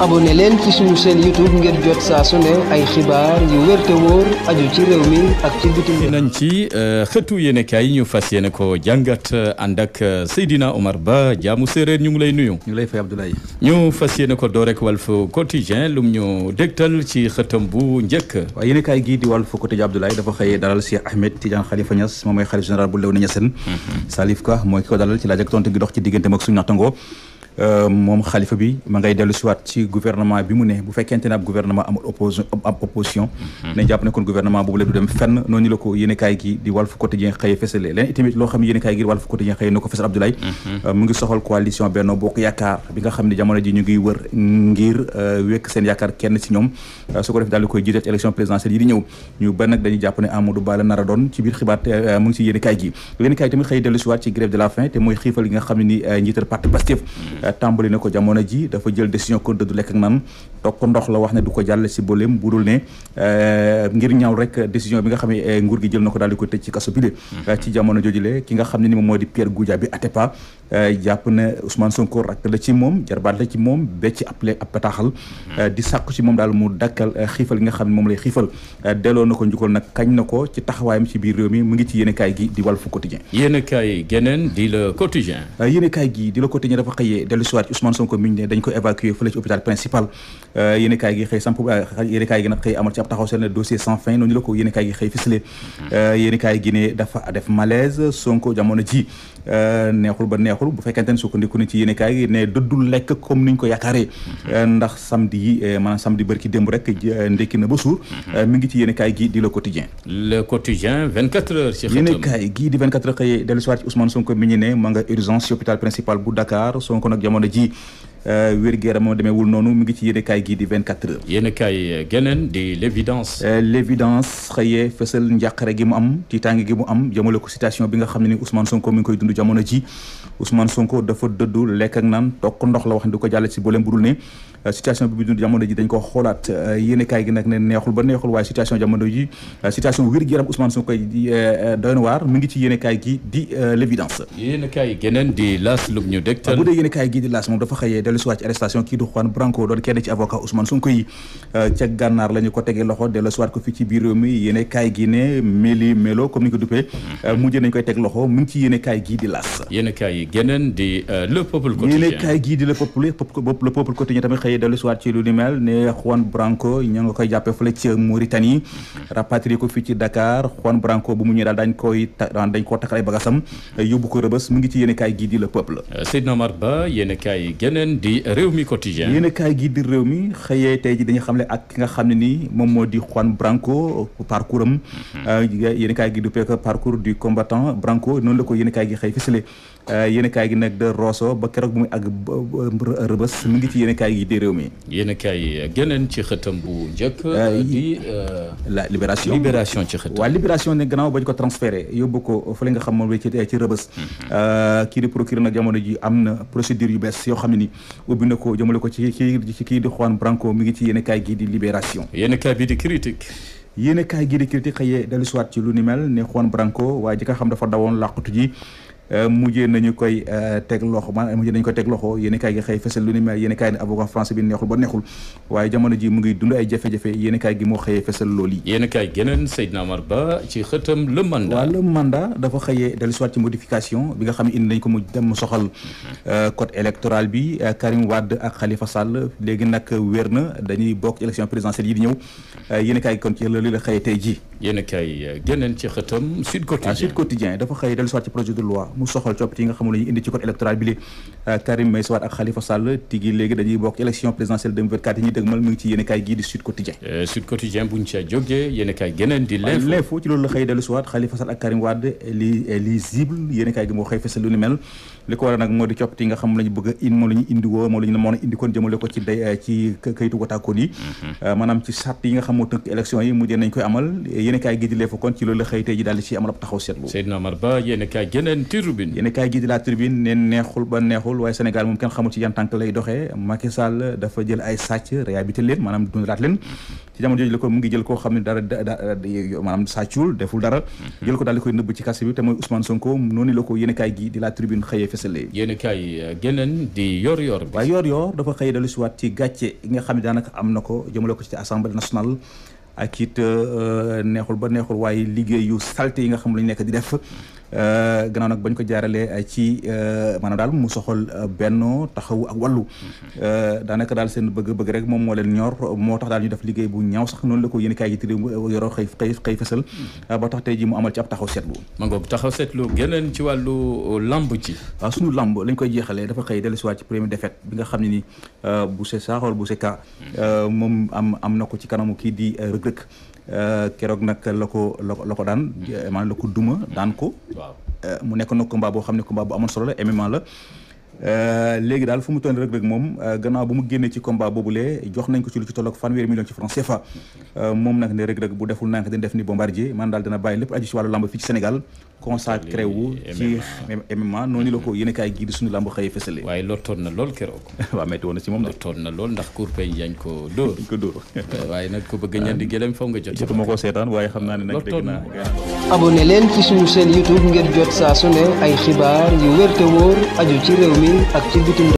abonné leen ci suñu seen YouTube ngir jot saa su ne ay xibaar yu wér te wóor aju ci réew mi ak ci bitim réew. nañ ci euh, xëtu yéenekaay yi ñu fas yéene ko jàngat euh, ànd ak euh, Seydina Omar Ba jaamu séeréer ñu ngi lay nuyu. ñu lay fay Abdoulaye. ñu fas yéene ko door rek Walf Quotidien lum ñu dégtal ci xëtam bu njëkk. waaye yéenekaay gii di Walf Quotidien Abdoulaye dafa xëyee dalal Cheikh Ahmed Tidiane Khalifa Niass moom mooy xalif général bu Léona Niassène. Mhm. Salif Ka mooy ki ko dalal ci laaj ak tontu gi dox ci diggante ak suñu nattangoo Euh, moom xalifa bi ma ngay dellu siwaat ci gouvernement bi mu ne bu fekkente ne ab gouvernement amul oppos ab opposition mhm. nañ jàpp ne kon gouvernement boobu la du dem fenn noonu la ko yéenekaay gi di Walf Quotidien xëye fësale leneen itamit loo xam ne yéenekaay gi di Walf Quotidien xëye na ko fësal Abdoulaye mhm. euh, mu Yaakaar bi nga xam ne jamono ji ñu ngi wër ngir euh, wekk seen yaakaar kenn ci ñoom su ko def daal di koy jiite ci élection présidentielle yi di ñëw ñu bari nag dañuy ne Amadou Ba la Euh, tàmbali na ko jamono ji dafa jël décision ko dëddu lekk nan doo ko ndox la wax ne du ko jàll si boolem budul ne euh, ngir ñaaw rek décision bi nga xam ne euh, nguur gi jël na ko daal di ko tëj ci kaso bi de mm-hmm. euh, ci jamono jojule ki nga xam ne ni moom moo di Pierre Goudiaby Atepa jàpp ne Ousmane Sonko rak la ci moom jarbaat la ci moom ba ci appelé ab bataaxal mm-hmm. di sàkku si moom daal mu dakkal xiifal gi nga xam moom lay xiifal delloo na ko njukkal nag kañ na ko ci taxawaayam ci biir réew mi mu ngi ci yéenekaay kaay di di Le Quotidien yéenekaay gi di Le Quotidien dafa xëyee dellu siwaat ci Ousmane Sonko miñ ne dañ ko évacué fële ci hôpital Euh, yéen kaay gi xëy samp euh, yéen kaay gi nag xëy amal ci ab taxaw seen dossier sans fin noonu la ko yéen gi xëy fisale mhm. euh, yéen gi ne dafa def malaise Sonko jamono ji neexul ba neexul bu fekkente ne sukkandiku ni ci yéen kaay gi ne dëddul lekk comme niñ ko yaakaaree mhm. ndax samedi yi maanaam samedi bërki démb rek ndekki na ba suur mhm. mi ngi ci yéen kaay gi di le quotidien le quotidien 24 heures ci xëtam yéen kaay gi di 24 heures xëy ci Ousmane Sonko mi ñu ne ma nga urgence ci hôpital principal bu Dakar Sonko nag jamono ji Euh, wér-gu-yaram demeewul noonu mu ngi ci yéen a kaay gii di 24 heures. yéen a kaay geneen di l' évidence. Euh, l' évidence xëyee fësal njàqare gi mu am gi mu am jëmale ko situation bi nga xam ne ni Ousmane Sonko mi ngi koy dund jamono ji Ousmane Sonko dafa dëddu lekk ndox la wax ne du ko jàll si booleem budul ne situation euh, bi mu dund jamono ji dañ a kaay nag ne neexul ba neexul waaye situation jamono ji situation wér-gu-yaram Ousmane Sonko doy na waar mi ngi ci yéen a gi di l' évidence. a kaay laas lu ñu dégtal. bu dee yéen a di laas moom dafa xëyee dellu si waat ci arrestation kii du Juan Branco doon kenn ci avocat Ousmane Sonko yi euh, ca gànnaar la ñu ko tegee loxo dellu si waat ko fii ci biir réew mi yéene kaay gi ne meli melo comme ni ko duppee euh, mm-hmm. mujjee nañ koy teg loxo mu ngi ci yéene kaay euh, le peuple quotidien yéene tamit xëy dellu si ci lu ni ne Juan Branco ña nga koy jàppee fële ci Mauritanie mm-hmm. rapatrié ko fii ci Dakar Juan Branco bu mu ñëwee daal dañ koy dañ koo takkal ay bagasam mm-hmm. yóbbu ko rëbës mu ngi ci yéene kaay gii di le peuple Seydina Omar Ba yéene kaay geneen di réew mi quotidien yéen a kaay gi di réew mi xëyee tey ji dañu xam ne ak ki nga xam ne nii moom moo di Juan Branco parcours am mhm. euh, yéen a kaay gi du pek parcours du combattant Branco noonu la ko yéen kaay gi xëy fësale si euh, a kaay gi nag de Rosso ba keroog bu muy ak rëbës mu ngi ci yéen kaay gi di réew mi yéen a kaay geneen ci xëtam bu njëkk euh, di la libération libération ci xëtam waa libération ne gannaaw ba ñu ko transféré yóbbu ko fële nga xam moom ci ci rëbës mhm. kii di procureur nag jamono ji am na procédure yu bees yoo xam ne ni ubbi na ko jëmale ko ci kii ci kii di Juan Branco mi ngi ci yéen kaay gii di Libération. yéen kaay bii di critique yéen kaay gii di critique xëyee dellusiwaat ci lu ni mel ne Juan Branco waaye ji nga xam dafa dawoon làqatu ji. Euh, mujjee nañu koy euh, teg loxo maanaam mujjee nañu koy teg loxo yéen kaay gi xëy fësal lu ni mel yéen kaay ne avocat français bi neexul ba neexul waaye jamono ji mu ngi dund ay jafe-jafe yéen kaay gi moo xëyee fësal loolu yi yéen kaay geneen Seydina Omar Ba ci xëtam le mandat dafa xëyee dellu soit ci modification bi xam ne indi nañ ko mu dem soxal mhm. euh, code électoral bi Karim Wade ak Khalifa Sall léegi nag wér na dañuy bokk ci élection présidentielle yi di ñëw yéen kaay gi kon ci loolu la xëyee tey ji yéen a kay euh, génneen ci xëtam Sud Quotidien ah, dafa xëy dellu soit ci projet de loi mu soxal coppite euh, euh, yi nga xam ne lañu indi ci code électoral bi li Karim Meïssa Wade moo xëy fesal moo ne indi woo moom ko ci day ci kayitu wataakoon yi mm-hmm. ci sart yi nga xam tënk élection yi mujjee nañ koy amal yéen kaay gi di lee fa kon ci loolu la xëy tey ji daal di ci amal ab taxaw seetlu Seydina Omar Ba yéen kaay geneen tribune neen neexul ba neexul waaye Sénégal moom kenn xamul ci lay doxee Macky dafa jël ay sàcc réhabilité leen maanaam dundalaat leen ci jamono jooju la ko ngi jël koo xam ne dara maanaam sàccul deful dara mhm. jël ko daal di koy nëbb ci kasse bi te mooy Ousmane Sonko noonu la ko yéen kaay gi di la tribune xëyee fësale yéen kaay euh, geneen di yor yor waaye yor yor dafa xëy dellu si waat ci gàcce nga xam ne daanaka am na ko jëmale ko ci assemblée nationale ak it euh, neexul ba neexul waaye liggéey yu salte yi nga xam ne lañu nekk di def Euh, gannaaw nag bañ ko jaaralee euh, ci euh, maanaam daal mu soxal Benno Taxawu ak Wallu mhm. daanaka daal seen bëgg-bëgg rek moom moo leen ñor moo tax daal ñu def liggéey bu ñaaw sax noonu la ko yéen kaay gi tëddee yoroo xëy xëy xëy fësal mhm. ba tax tey ji mu amal ci ab taxaw seetlu ma ngoog taxaw seetlu geneen ci wàllu lamb ci waaw sunu lamb lañ koy jeexalee dafa xëy dellu si waat ci premier défaite bi nga xam ne ni bu se saaxool bu se ka mhm. moom am am na ko ci kanamu kii di rëg-rëg Euh, keroog nag la ko la ko la ko daan maanaam la ko duma daan ko euh, mu nekk na combat boo xam ne combat bu amoon solo la MMA la Euh, léegi daal fu mu toll Reug Reug moom euh, gannaaw bu mu génnee ci combat boobule jox nañ ko ci lu ci tolloog fanweeri million ci franc CFA euh, moom nag ne Reug Reug bu deful nank def ni bombardier man daal dana bàyyi lépp aju ci wàllu lamb fii ci Sénégal consacré ci MMA noonu la ko yéen a kaay gii di suñu lamb xëyee fësale waaye lottoon na lool ndax cour yañ ko dóor waaye nag ko bëgg ñandi gëlëm foog nga jot saa su ay xibaar yu wér wóor aju ci réew ak ci bitim